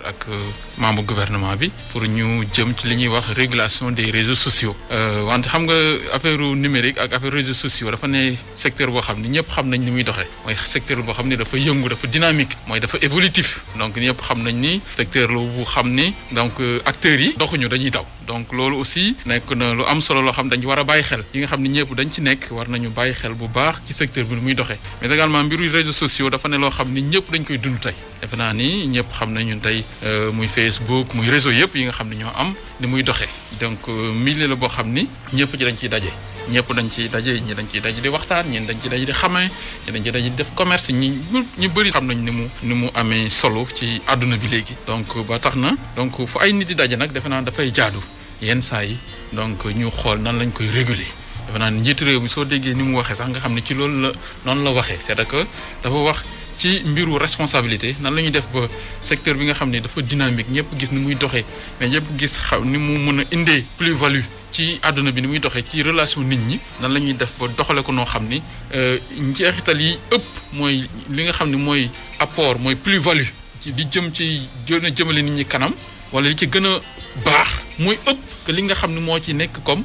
ak euh, membre guvernement bi pour ñu jëm ci li ñuy wax régulation des réseaux sociaux euh, wante xam nga affaire numérique ak affaire réseaux sociaux dafa ne secteur boo xam ni ñëpp xam nañ ni muy doxee mooy secteur boo xam ni dafa yëngu dafa dynamique mooy dafa évolutif donc ñëpp xam nañ ni secteur la bu xam ni donc euh, acteurs yi doxuñu dañuy daw donc loolu aussi nekk na lu am solo loo xam dañ ci war a bàyyi xel yi nga xam ni ñëpp dañ ci nekk war nañu bàyyi xel bu baax ci secteur bi nu muy doxee mais également mbiru réseaux sociaux dafa ne loo xam ni ñëpp dañ koy dund tey defe naa ni ñëpp xam nañu tey euh, muy Facebook muy réseau yëpp yi nga xam ne ñoo am ni muy doxee donc euh, milieu la boo xam ni ñëpp ci dañ ciy daje. ñëpp dañ ciy daje dañ ciy daje di waxtaan ñi dañ ci daje di xamee ñi dañ ciy daje def commerce ñi ñi bëri xam nañ ni mu ni mu amee solo ci àdduna bi léegi. donc ba tax na donc fu ay nit di daje nag defe naa dafay jaadu yenn saa yi donc ñu xool nan lañ koy réguler. defe naa njiitu réew mi soo déggee ni mu waxee sax nga xam ne ci loolu la noonu la waxee c'est-à-dire wax. ci mbiru responsabilité nan la ñuy def ba secteur bi nga xam ne dafa dynamique ñëpp gis ni muy doxee mais ñëpp gis xaw ni mu mën a indee plus value ci àdduna bi ni muy doxee ci relation nit ñi nan la ñuy def ba doxale ko noo xam ni euh, njeexital yi ëpp mooy li nga xam ne mooy apport mooy plus value ci di jëm ci gën a jëmale nit ñi kanam wala li ci gën a baax mooy ëpp que li nga xam ne moo ci nekk comme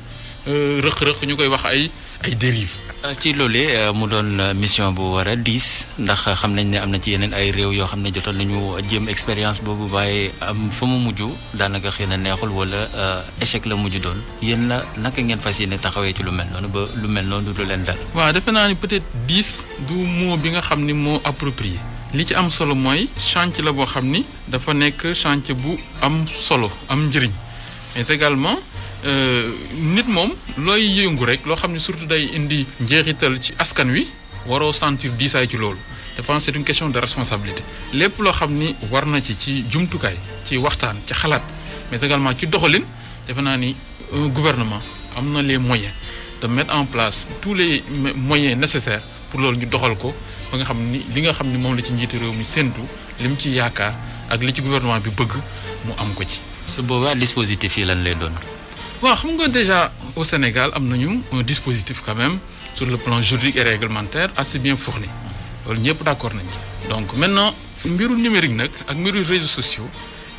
euh, rëq-rëq ñu koy wax ay ay dérives. ci loolee euh, mu doon euh, mission bu war a diis ndax euh, xam nañ ne am na ci yeneen ay réew yoo xam ne jotoon nañu jéem expérience boobu waaye am fa mu mujj daanaka xëy na neexul wala échec la mujj doon yéen la naka ngeen fas yéene taxawee ci lu mel noonu ba lu mel noonu du leen dal. waa defe naa ni peut-être du mot bi nga xam ni moo approprié. li ci am solo mooy chantier la boo xam ni dafa nekk chantier bu am solo am njëriñ mais également. Euh, nit moom looy yëngu rek loo xam ne surtout day indi njeexital ci askan wi waroo sentir diisaay ci loolu je pense c'est question de responsabilité lépp loo xam ni war na ci ci jumtukaay ci waxtaan ci xalaat mais également ci doxalin defe naa ni gouvernement am na les moyen de mettre en place tous les moyens nécessaires pour loolu ñu doxal ko ba nga xam ni li nga xam ni moom la ci njiitu réew mi séntu li mu ci yaakaar ak li ci gouvernement bi bëgg mu am ko ci. su boobaa dispositif yi lan lay doon. waaw xam nga déjà au Sénégal am nañu un dispositif quand même sur le plan juridique et réglementaire assez bien fourni loolu ñëpp d'accord nañu donc maintenant mbiru numérique nag ak mbiru réseaux sociaux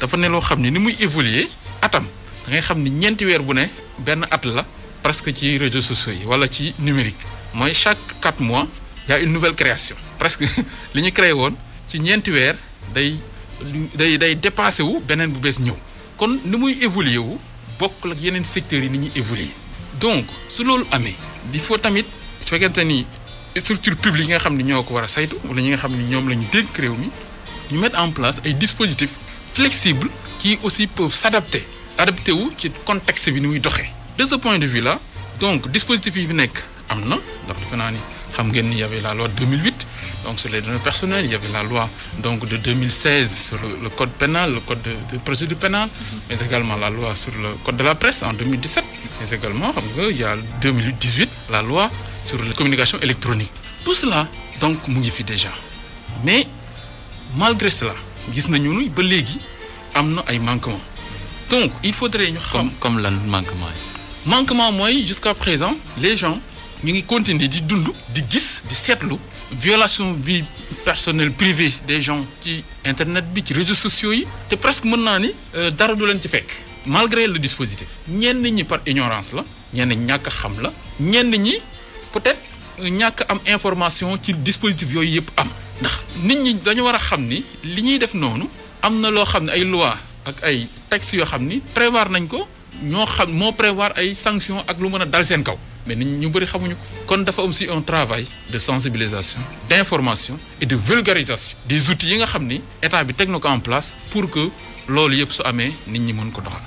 dafa ne loo xam ne ni muy évoluer atam da ngay xam ni ñeenti weer bu ne benn at la presque ci réseaux sociaux yi wala ci numérique mooy chaque quatre mois y a une nouvelle création presque li ñu créer woon ci ñeenti weer day day day dépassé wu beneen bu bees ñëw kon ni muy évoluer wu bokk ak yeneen secteurs yi ni ñuy évoluer donc su loolu amee il faut tamit su fekkente ni structure publique yi nga xam ne ñoo ko war a saytu wala ñi nga xam ne ñoom la ñu dénk réew mi ñu mettre en place ay dispositifs flexibles qui aussi peuvent s'adapter adapté wu ci contexte bi ni muy doxee de ce point de vue là donc dispositifs yi fi nekk am na ndax defe naa ni xam ngeen ni y avait la loi donc sur les données personnelles, il y avait la loi donc de 2016 sur le, code pénal, le code de, de procédure pénale, mhm. mais également la loi sur le code de la presse en 2017, mais également il y a 2018 la loi sur les communications électroniques. Tout cela donc mu ngi fi déjà mais malgré cela gis na ñu ba léegi am na ay manquements donc il faudrait ñu xam. comme lan manquement manquement mooy jusqu'à présent les gens ñu ngi continuer di dund di gis di seetlu. violation vie personnelle privée des gens ci internet bi ci réseaux sociaux yi te presque mën naa ni euh, dara du leen ci fekk malgré le dispositif ñenn ñi par ignorance la ñenn ñi ñàkk xam la ñenn ñi peut-être euh, ñàkk am information ci dispositif yooyu yëpp am ndax nit ñi dañu war a xam ni li ñuy def noonu am na loo xam ne ay loi ak ay textes yoo xam ni prévoir nañ ko ñoo xam moo prévoir ay sanctions ak lu mën a dal seen kaw mais nit ñu bëri xamuñu ko kon dafa am si un travail de sensibilisation d' information et de vulgarisation des outils yi nga xam ni état bi teg na ko en place pour que loolu yëpp su amee nit ñi mën ko doxal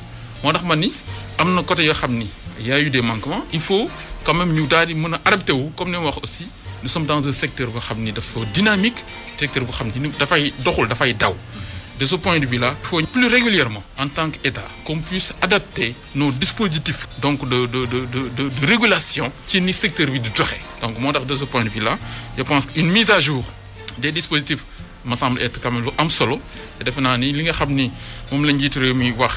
moo tax ma ni am na côté yoo xam ni yaayu a eu des manquements il faut comme même ñu daal di mën a adapté wu comme ni ma wax aussi nous sommes dans un secteur boo xam ni dafa dynamique secteur boo xam ni dafay doxul dafay daw De ce point de vue-là, il faut plus régulièrement, en tant qu'État, qu'on puisse adapter no dispositifs donc de, de, de, de, de régulation ci ni secteur bi du joxe. Donc moo tax de ce point de vue-là, je pense qu'une mise à jour des dispositifs me semble être quand lu am solo te defe naa ni li nga xam ni moom la njiit réew mi wax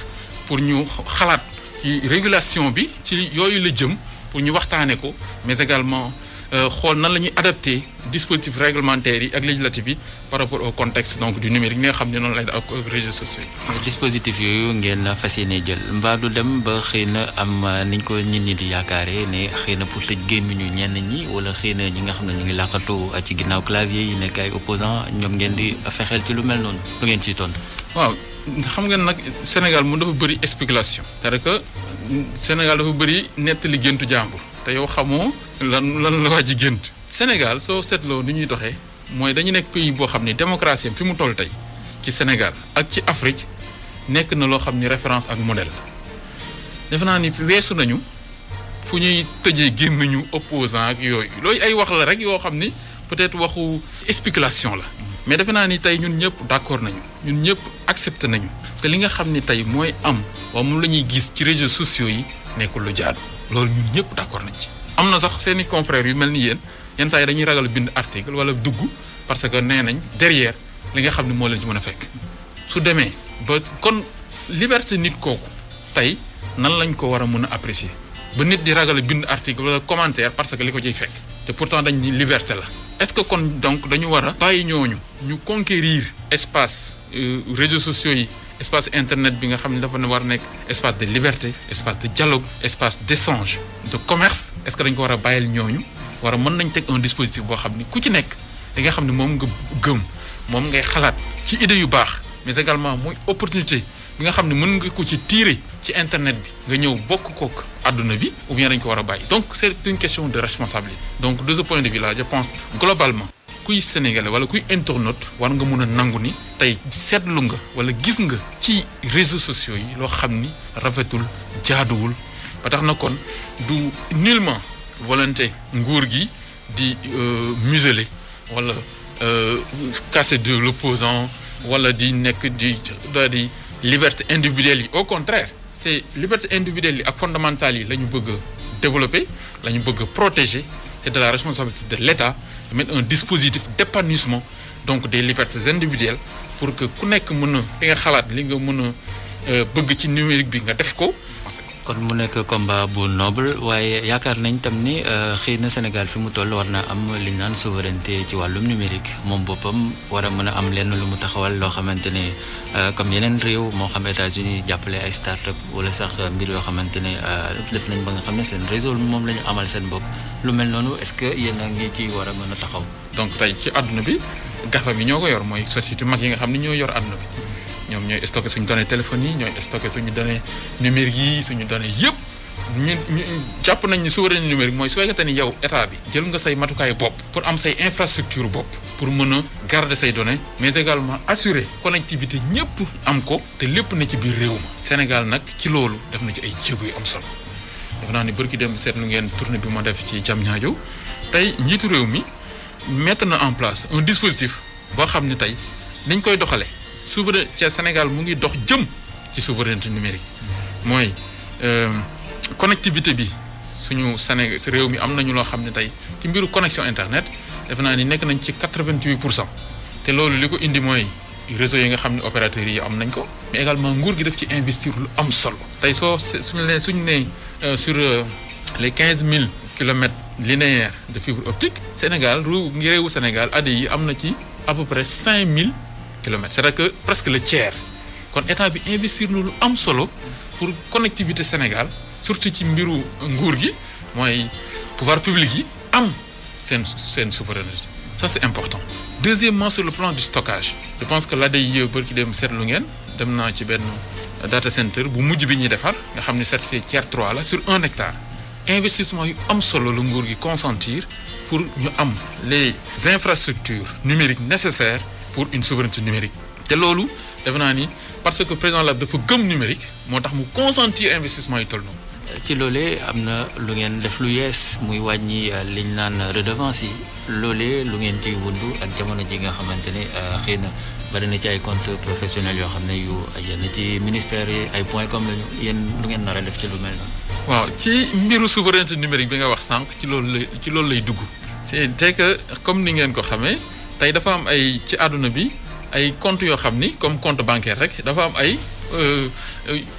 pour ñu xalaat ci régulation bi ci yooyu la jëm pour ñu waxtaanee ko mais également Euh, xool nan la ñuy adapté dispositif réglementaire yi ak législatif yi par rapport au contexte donc du numérique nga xam ne noonu lay ak réseaux sociaux yi. Euh, dispositif yooyu ngeen fas yéene jël mbaa du dem ba xëy na am ni euh, niñ ko nit ñi di yaakaare ne xëy na pour tëj gémmiñu ñenn ñi wala xëy na ñi nga xam ne ñu ngi làqatu ci ginnaaw clavier yi nekk ay opposants ñoom ngeen di fexeel ci lu mel noonu lu ngeen ciy tontu. waaw xam nga nag Sénégal mu dafa bëri spéculation. c'est-à-dire que Sénégal dafa bëri nettali géntu te yow xamoo lan lan la waa ji Sénégal soo seetloo ni ñuy doxee mooy dañu nekk pays boo xam ni démocratie fi mu toll tey ci Sénégal ak ci Afrique nekk na loo xam ni référence ak modèle defe naa ni weesu nañu fu ñuy tëjee gémmiñu opposant ak yooyu loolu ay wax la rek yoo xam ni peut-être waxu spéculation la mais defe naa ni tey ñun ñëpp d'accord nañu ñun ñëpp accepté nañu que li nga xam ni tey mooy am waa mun la ñuy gis ci réseaux sociaux yi nekkul lu jaadu loolu ñun ñëpp d'accord nañ ci. am na sax seeni i yu mel ni yéen yenn saa yi dañuy ragal bind article wala dugg parce que nee nañ derrière li nga xam ne moo leen ci mën a fekk su demee ba kon liberté nit kooku tey nan lañ ko war a mën a apprécier ba nit di ragal bind article wala commentaire parce que li ko ciy fekk te pourtant dañ ni liberté la. est-ce que kon donc dañu war a bàyyi ñooñu ñu conquérir espace euh, réseaux sociaux yi. espace internet bi nga xam ne dafa war a nekk espace de liberté espace de dialogue espace d'échange de commerce est-ce que dañ ko war a bàyyil ñooñu war a mën nañ teg un dispositif boo xam ni ku ci nekk li nga xam ne moom nga gëm moom ngay xalaat ci idée yu baax mais également mooy opportunité bi nga xam ne mën nga ko ci tirer ci internet bi nga ñëw bokk kook àdduna bi ou bien dañ ko war a bàyyi donc c'est une question de responsabilité donc de pense globalement kuy sénégalais wala kuy internaute war nga mun a nangu ni tey seetlu nga wala gis nga ci réseaux sociaux yi loo xam ni rafetul jaaduwul ba tax na kon du nullement volonté nguur gi di euh, museler wala euh, casser de l'opposant wala di nekk di daal di liberté individuelle yi au contraire c'est liberté individuelle yi ak fondamentale yi la ñu bëgg a développer la ñu bëgg a protéger c'est de la responsabilité de l'État mettre un dispositif d'épanouissement donc des libertés individuelles pour que ku nekk mën a li nga xalaat li nga mën a euh, bëgg ci numérique bi nga def ko kon mu nekk combat bu noble waaye yaakaar nañ tam ni euh, xëy na Sénégal fi mu toll war na am li ñu naan souveraineté ci wàllum numérique moom boppam war a mën a am lenn lu mu taxawal loo xamante ne euh, comme yeneen réew moo xam États-Unis jàppale ay start-up wala sax mbir yoo xamante ne euh, def nañ ba nga xam ne seen réseau moom la ñu amal seen bopp lu mel noonu est-ce que yéen a ngi ci war a mën a taxaw. donc tey ci àdduna bi gafa bi ñoo ko yor mooy société mag yi nga xam ne ñoo yor àdduna bi. ñoom ñooy stocké suñu données téléphone yi ñooy stocké suñu données numériques yi suñu données yëpp ñu ñu jàpp nañ ni souveraineté numérique mooy su fekkee ni yow état bi jël nga say matukaay bopp pour am say infrastructure bopp pour mën a garder say données mais également assurer connectivité ñëpp am ko te lépp na ci biir réew mi Sénégal nag ci loolu def na ci ay jéego yu am solo def naa ni bërki dem seetlu ngeen tournée bi ma def ci Diamniadio tey njiitu réew mi mettre na en un dispositif boo xam ne tey niñ koy doxalee. souverain ca Sénégal mu ngi dox jëm ci souveraineté numérique mooy euh, connectivité bi suñu Sénégal réew mi am nañu loo xam ne tey ci mbiru connexion internet def naa ni nekk nañ ci 88 pour cent te loolu li ko indi mooy réseau yi nga xam ne opérateurs yi am nañ ko mais également nguur gi def ci investir lu am solo tey soo suñu nee suñu nee euh, sur euh, les quinze 15000 kilomètres linéaires de fibre optique Sénégal réew réewu Sénégal at yi am na ci à peu près 5000. kilomètres c'est-à-dire que presque le tiers kon état bi investir na lu am solo pour connectivité Sénégal surtout ci mbiru nguur gi mooy pouvoir public yi am seen seen souveraineté ça c'est important deuxièmement sur le plan du stockage je pense que la l'ADIE bërki dem seetlu ngeen dem naa ci benn data center bu mujj bi ñuy defar nga xam ne certifié tiers trois la sur un hectare investissement yu am solo lu nguur gi consentir pour ñu am les infrastructures numériques nécessaires pour une souveraineté numérique te loolu defe naa ni parce que président Lab dafa gëm numérique moo tax mu consentir investissement yi toll noonu. ci loolee am na lu ngeen def lu yees muy wàññi euh, liñ naan redevance yi loolee lu ngeen ci wund ak jamono ji nga xamante ne euh, xëy na bari na ci ay compte professionnel yoo xam ne yu yenn ci ministère yi ay point comme lañu yéen lu ngeen nar a def ci lu mel noonu. waaw ci mbiru souveraineté numérique bi nga wax sànq ci loolu lay ci loolu lay dugg. c'est que comme ni ngeen ko xamee. tey dafa am ay ci àdduna bi ay comptes yoo xam ni comme compte bancaire rek dafa am ay euh,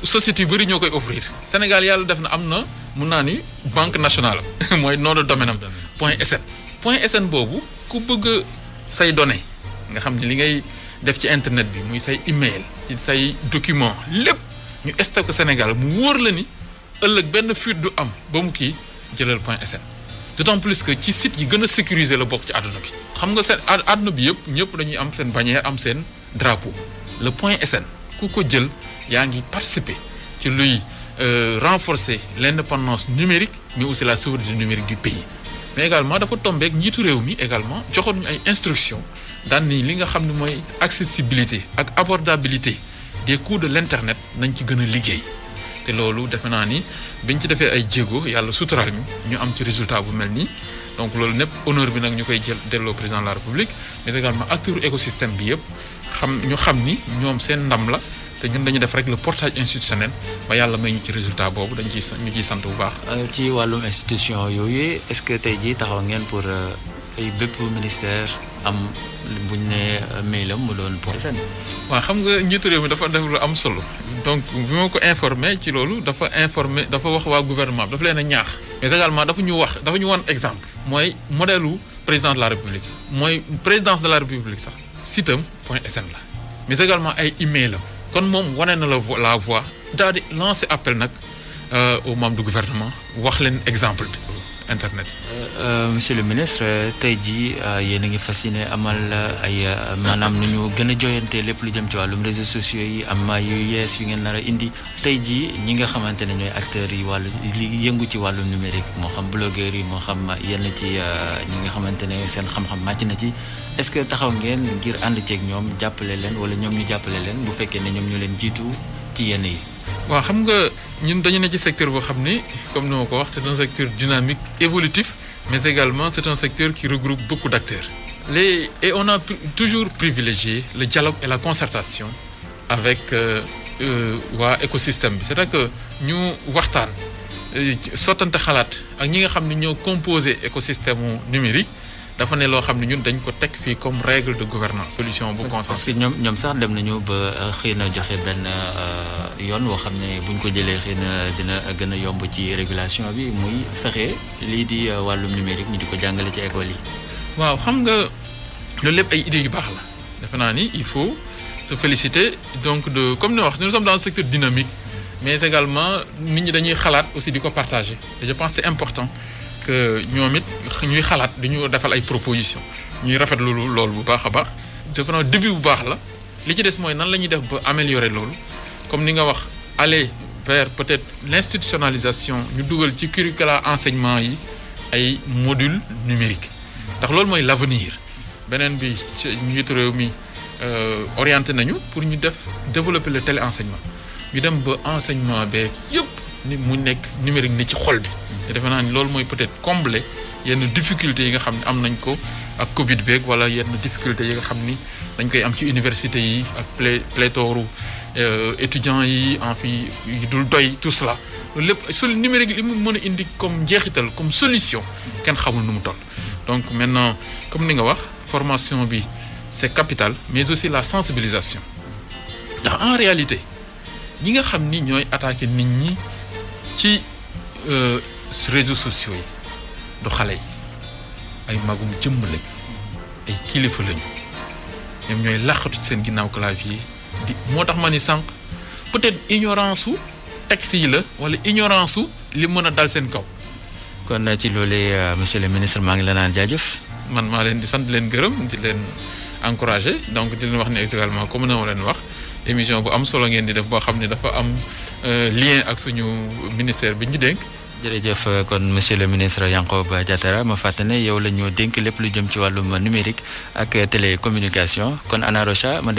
sociétés yu bëri ñoo koy offrir Sénégal yàlla def na am na mun naa ni banque nationale mooy nom de domaine am point sn point sn boobu ku bëgg say données nga xam ne li ngay def ci internet bi muy say email ci say document lépp ñu stocké Sénégal mu wóor la ni ëllëg benn fuite du am ba mu kii jëlal point sn d'autant plus que ci site yi gën a sécuriser la bokk ci àdduna bi xam nga seen àdduna bi yëpp ñëpp dañuy am seen bannière am seen drapeau le point SN ku ko jël yaa ngi participer ci luy euh, renforcer l'indépendance numérique mais aussi la souveraineté numérique du pays mais également dafa tombeek njiitu réew mi également joxoon ñu ay instructions daan ni li nga xam ne mooy accessibilité ak abordabilité des coûts de l'internet nañ ci gën a liggéey te loolu defe naa ni biñ ci defee ay jéego yàlla suturaal mi ñu am ci résultat bu mel nii donc loolu népp honneur bi nag ñu koy jël delloo président de la république mais également acteur écosystème bi yëpp xam ñu xam ni ñoom seen ndam la te ñun dañu def rek le portage institutionnel ba yàlla may ñu ci résultat boobu dañ ciy ñu ciy sant bu baax. Euh, ci wàllum institution yooyu est-ce que tey jii taxaw ngeen pour euh, ay bépp ministère am buñ ne euh, mailam mu doon. waa xam nga njiitu réew mi dafa def lu am solo. donc bi ma ko informé ci loolu dafa informé dafa wax waa gouvernement bi dafa leen ñaax mais également dafa ñu wax dafa ñu wan exemple mooy modèle wu président de la république mooy présidence de la république sax sitam point sn la mais également ay email la kon moom wane na la la voie daal di lancer appel nag euh, aux membres du gouvernement wax leen exemple bi internet. Euh, monsieur le ministre tey jii euh, yéen a ngi fasciné amal euh, ay maanaam nu ñu gën a jooyantee lépp lu jëm ci wàllum réseaux sociaux yi am yu yees yu ngeen nar a indi tey jii ñi nga xamante ne ñooy acteurs yi wàllu li yëngu ci wàllum numérique moo xam blogueurs yi moo xam yenn ci ñi nga xamante ne seen xam-xam màcc na ci est-ce que taxaw ngeen ngir ànd ceeg ñoom jàppale leen wala ñoom ñu jàppale leen bu fekkee ne ñoom ñu leen jiitu ci yenn yi. waaw xam nga ñun dañu ne ci secteur boo xam ni comme ni ma ko wax c'est un secteur dynamique évolutif mais également c'est un secteur qui regroupe beaucoup d'acteurs les et on a toujours privilégié le dialogue et la concertation avec euh, euh, waa écosystème bi c'est-à-dire que ñu waxtaan euh, sottante xalaat ak ñi nga xam ni ñoo composé écosystème numérique dafa ne loo xam ne ñun dañ ko teg fii comme règle de gouvernance solution bu consensus. parce que ñoom ñoom sax dem nañu ba euh, xëy na joxe benn euh, yoon woo xam ne buñ ko jëlee xëy na dina gën a yomb ci régulation bi muy fexe lii di euh, wàllum numérique ñu di ko jàngale ci école yi. waaw xam nga loolu lépp ay idées yu baax la defe naa ni il faut se féliciter donc de comme ni wax nous sommes dans un secteur dynamique mais également nit ñi dañuy xalaat aussi di ko partager je pense c'est important. ak ñoom it ñuy xalaat di ñu defal ay proposition ñuy rafetlu lool bu baax a baax. defe début bu baax la li ci des mooy nan la ñuy def ba améliorer loolu comme ni nga wax aller vers peut-être l'institutionnalisation ñu dugal ci curricula enseignement yi ay module numérique ndax loolu mooy l'avenir beneen bi ci njiitu réew mi euh, orienté nañu pour ñu def développer le téléenseignement ñu dem ba enseignement beeg yëpp ni mu nekk numérique ni ci xol bi. te defe naa ni loolu mooy peut-être combler yenn difficultés yi nga xam ne am nañ ko ak Covid beeg wala yenn difficultés yi nga xam ni dañ koy am ci université yi ak plé pléthore euh, étudiants yi en fi yi dul doy tout cela lépp sol numérique li mu mën a indi comme njeexital comme solution kenn xamul nu mu toll. donc maintenant comme ni nga wax formation bi c'est capital mais aussi la sensibilisation ndax en réalité ñi nga xam ni ñooy attaquer nit ñi ci. Euh, si réseaux sociaux yi du xale yi ay magum jëmm lañ ay kilifa lañu ñoom ñooy làqatu seen ginnaaw clavier di moo tax ma ni sànq peut-être ignorance su texte yi la walla ignorance su li mën a dal seen kaw. kon ci loolee euh, monsieur le ministre maa ngi la naan jaajëf. man maa leen di sant leen gërëm di leen encourager donc di leen wax ne également comme na ma leen wax émission bu am solo ngeen di def boo xam ne dafa am euh, lien ak suñu ministère bi ñu dénk. jërëjëf kon monsieur le ministre Yankhoba Diattara ma fàttali ne yow la ñu dénk lépp lu jëm ci wàllum numérique ak télécommunication kon Anna Rocha